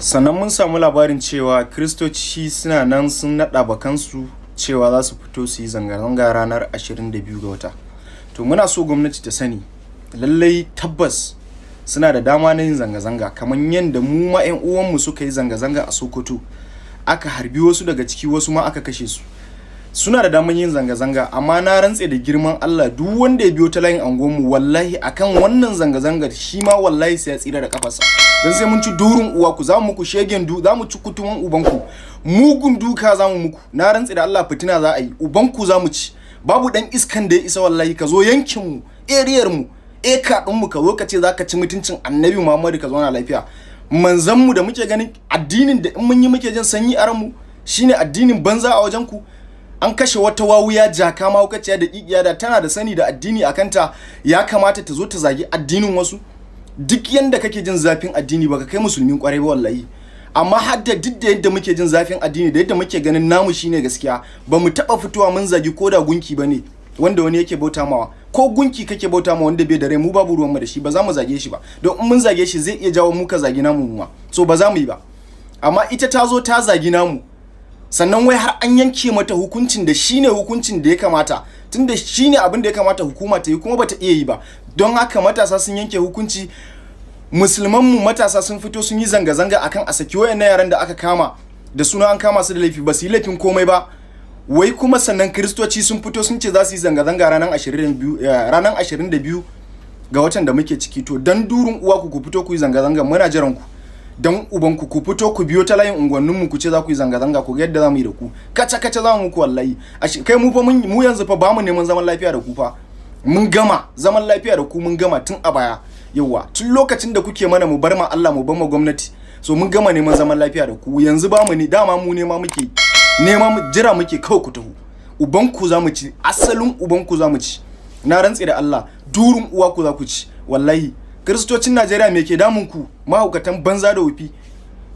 sannan mun samu labarin cewa kristoci suna nan sun naɗa bakansu cewa za su fito su yi zanga-zanga ranar 22 ga wata to muna so gwamnati ta sani lallai tabbas suna da dama na yin zanga-zanga kamar yadda mu ma 'yan uwanmu suka yi zanga-zanga a sokoto aka harbi wasu daga ciki wasu ma aka kashe su suna da damar yin zanga-zanga amma na rantse da girman Allah duk wanda ya biyo ta layin mu wallahi akan wannan zanga-zangar shi ma wallahi sai ya tsira da kafarsa don sai mun ci durin uwa ku za mu muku shegen du za mu ci kutuman ubanku mugun duka za mu muku na rantse da Allah fitina za a yi ubanku za mu ci babu dan iskan da ya isa wallahi ka zo yankin mu eriyar mu eka din mu ka zo ka ce za ka ci mutuncin annabi Muhammadu ka na lafiya manzan mu da muke ganin addinin da in mun yi muke jin sanyi aran mu shine addinin banza a wajen ku an kashe wata wawuya jaka mahaukaciya da ƙiƙiya da tana da sani da addini a kanta ya kamata ta zo ta zagi addinin wasu duk yanda kake jin zafin addini baka kai musulmin kwarai ba wallahi amma har da duk da yadda muke jin zafin addini da yadda muke ganin namu shine gaskiya ba mu taba fitowa mun zagi ko da gunki bane wanda wani yake bauta mawa ko gunki kake bauta ma wanda bai da rai mu babu ruwan da shi ba za mu zage shi ba don in mun zage shi zai iya jawo muka zagi namu mu so ba za mu yi ba amma ita ta zo ta zagi namu sannan wai har an yanke mata hukuncin da shine hukuncin da ya kamata tun tunda shine abin da ya kamata hukuma ta yi kuma bata iya yi ba don haka matasa sun yanke hukunci musulman matasa sun fito sun yi zanga-zanga akan a saki wayannan yaran da aka kama da suna an kama su da laifi ba su yi laifin komai ba wai kuma sannan kiristoci sun fito sun ce za su yi zanga-zanga ranar 22 eh, ga watan da muke ciki to dan durin uwa ku ku fito ku yi zanga-zanga muna jiran ku don uban ku ku fito ku biyo ta layin unguwanninmu ku ce za ku yi zanga-zanga ku yadda za mu yi da ku kaca-kaca za mu ku wallahi kai mu fa mu yanzu fa ba mu neman zaman lafiya da ku fa mun gama zaman lafiya da ku mun gama tun a baya yawa tun lokacin da kuke mana mu bar ma Allah mu bar ma gwamnati so mun gama neman zaman lafiya da ku yanzu ba mu ne dama mu nema muke nema jira muke kawai ku taho ubanku za mu ci asalin ubanku za mu ci na rantse da Allah durin uwa ku za ku ci wallahi kiristocin najeriya me ke damun ku mahaukatan banza da wufi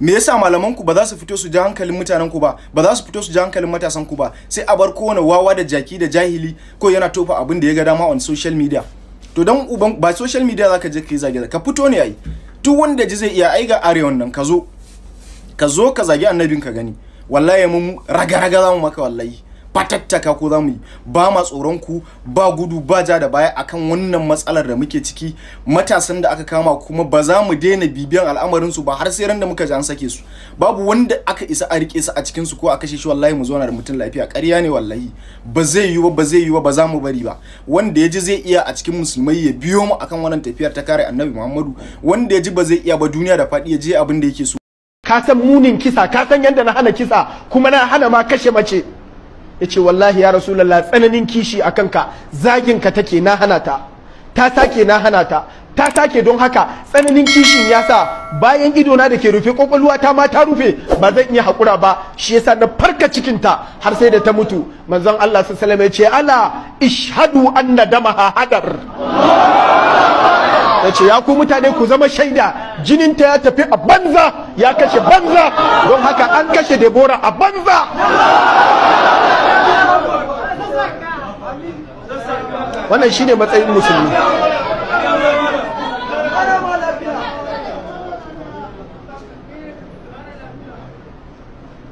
me yasa malaman ku ba za su fito su ja hankalin mutanen ku ba ba za su fito su ja hankalin matasan ku ba sai a bar kowane wawa da jaki da jahili ko yana tofa abin da ya ga dama on social media to dan uban ba social media zaka je kai zage ka fito ne ai duk wanda ji zai iya ai ga arewan nan ka zo ka zo ka zagi annabin ka gani wallahi mun raga raga za mu maka wallahi fatattaka ko za mu yi ba ma tsoron ku ba gudu ba ja da baya akan wannan matsalar da muke ciki matasan da aka kama kuma ba za mu daina bibiyan al'amarin su ba har sai ran da muka ji an sake su babu wanda aka isa a rike su a cikin su ko a kashe shi wallahi mu zauna da mutum lafiya ƙarya ne wallahi ba zai yiwu ba ba zai yiwu ba za mu bari ba wanda ya ji zai iya a cikin musulmai ya biyo mu akan wannan tafiyar ta kare annabi Muhammadu wanda ya ji ba zai iya ba duniya da faɗi ya je abin da yake so ka san munin kisa ka san yadda na hana kisa kuma na hana ma kashe mace yace wallahi ya rasu rasulullah tsananin kishi a kanka zagin ka take na hana ta ta sake na hana ta ta sake don haka tsananin kishin ya sa bayan idona da ke rufe kwakwalwa ta ma ta rufe ba zan iya haƙura ba shi yasa na farka cikinta har sai da ta mutu manzon Allah su salama ya ce ala ishadu anna damaha hadar ya ce ya ku mutane ku zama shaida jininta ya tafi a banza ya kashe banza don haka an kashe debora a banza wannan shine matsayin musulmi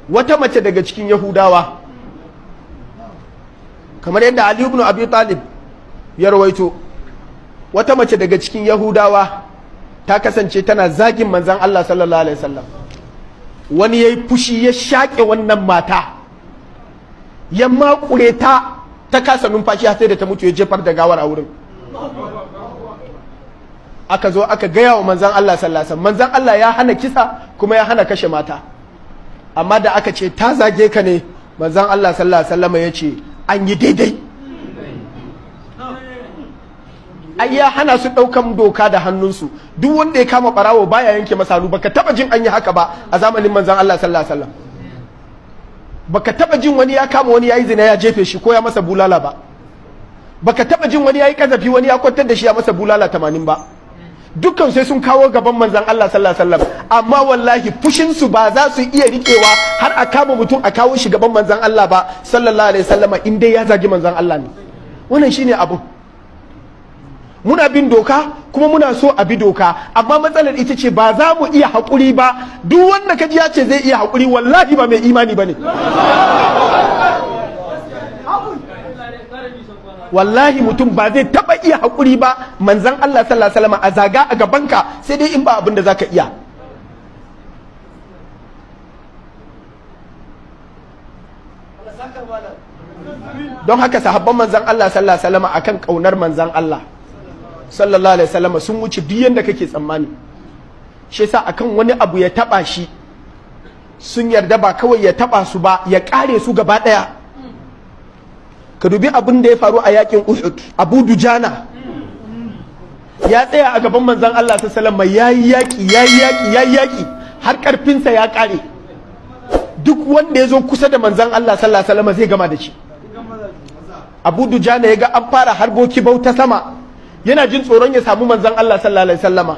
wata mace daga cikin yahudawa kamar yadda ali ibn abi talib ya rawaito wata mace daga cikin yahudawa ta kasance tana zagin manzan allah sallallahu alaihi wasallam wani ya yi fushi ya shaƙe wannan mata ya makure ta ta kasa numfashi sai da ta mutu ya jefar da gawar a wurin aka zo aka gaya wa manzan Allah sallasa manzan Allah ya hana kisa kuma ya hana kashe mata amma da aka ce ta zage ka ne manzan Allah sallama ya ce an yi daidai ai ya hana su ɗaukan doka da hannunsu duk wanda ya kama ɓarawo baya yanke masa hannu baka taɓa jin an yi haka ba a zamanin manzan Allah sallallahu baka taba jin wani ya kama wani ya yi zina ya jefe shi ko ya masa bulala ba baka taba jin wani ya yi kazafi wani ya kwantar da shi ya masa bulala tamanin ba dukkan sai sun kawo gaban manzon Allah sallallahu alaihi wasallam amma wallahi fushin su ba za su iya rikewa har a kama mutum a kawo shi gaban manzon Allah ba sallallahu alaihi wasallam in dai ya zagi manzon Allah ne wannan shine abu muna bin doka kuma muna so a bi doka amma matsalar ita ce ba za mu iya haƙuri ba duk wanda ji ya ce zai iya haƙuri wallahi ba mai imani ba ne wallahi mutum ba zai taɓa iya haƙuri ba manzan Allah sallallahu alaihi wasallam a zaga a gabanka sai dai in ba abin da zaka iya don haka sahabban manzan Allah sallallahu alaihi wasallam akan kaunar manzan Allah sallallahu alaihi wasallam sun wuce duk yanda kake tsammani shi yasa akan wani abu ya taba shi sun yarda ba kawai ya taba su ba ya kare su gaba daya ka dubi abin da ya faru a yakin Uhud Abu Dujana ya tsaya a gaban manzon Allah sallallahu alaihi wasallam yayi yaki yayi yaki yayi yaki har karfinsa ya kare duk wanda ya zo kusa da manzon Allah sallallahu alaihi wasallam zai gama da shi Abu Dujana ya ga an fara harbo harboki bauta sama yana jin tsoron ya samu manzon Allah sallallahu alaihi wasallama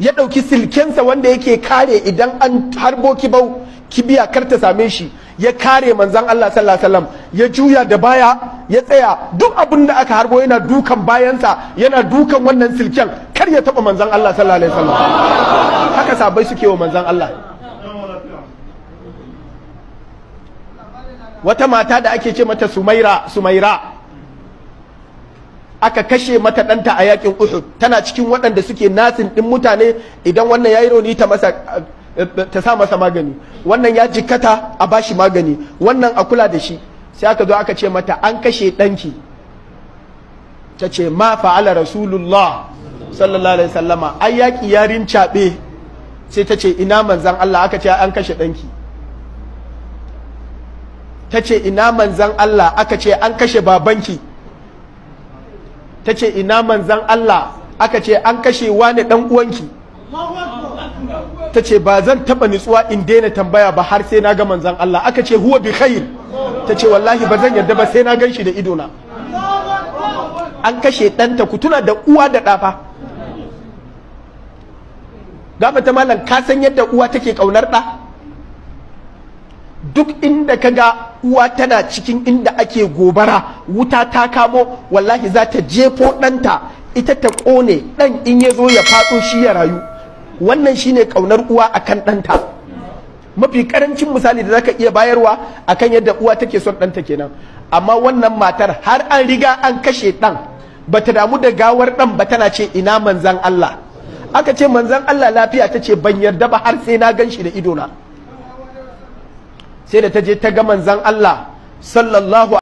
ya ɗauki silkensa wanda yake kare idan an harbo kibau kibiya kar ta same shi ya kare manzan Allah sallallahu alaihi wasallam ya juya da baya ya tsaya duk abin da aka harbo yana dukan bayansa yana dukan wannan silken kar ya taba manzan Allah sallallahu alaihi wasallam haka sabai suke wa manzan Allah wata mata da ake ce mata Sumaira Sumaira aka kashe mata ɗanta a yakin Uhud tana cikin waɗanda suke nasin ɗin mutane idan wannan yayi rauni ta masa ta sa masa magani wannan ya jikata a bashi magani wannan a kula da shi sai aka zo aka ce mata an kashe ɗanki ta ce ma fa'ala rasulullah sallallahu alaihi sallama ai yaƙi yarin caɓe sai ta ce ina manzan Allah aka ce an kashe ɗanki ta ce ina manzan Allah aka ce an kashe babanki ta ce ina manzan Allah aka ce an kashe wani dan uwanki ta ce ba zan taba nutsuwa in daina tambaya ba har sai na ga manzan Allah aka ce huwa bi khair ta ce wallahi ba zan yarda ba sai na gan shi da idona an kashe ɗanta ku tuna da uwa da ɗafa gama ta malam ka san yadda uwa take ƙaunar ɗa duk inda ka ga uwa tana cikin inda ake gobara wuta ta kamo wallahi za ta jefo ɗanta ita ta ƙone ɗan in ya zo ya faɗo shi ya rayu wannan shine ƙaunar uwa akan ɗanta mafi ƙarancin misali da zaka iya bayarwa a kan yadda uwa take son ɗanta kenan amma wannan matar har an riga an kashe ɗan ba ta damu da gawar ɗan ba tana ce ina manzan Allah aka ce manzan Allah lafiya ta ce ban yarda ba har sai na gan shi da idona sai da ta je ta ga manzan Allah sallallahu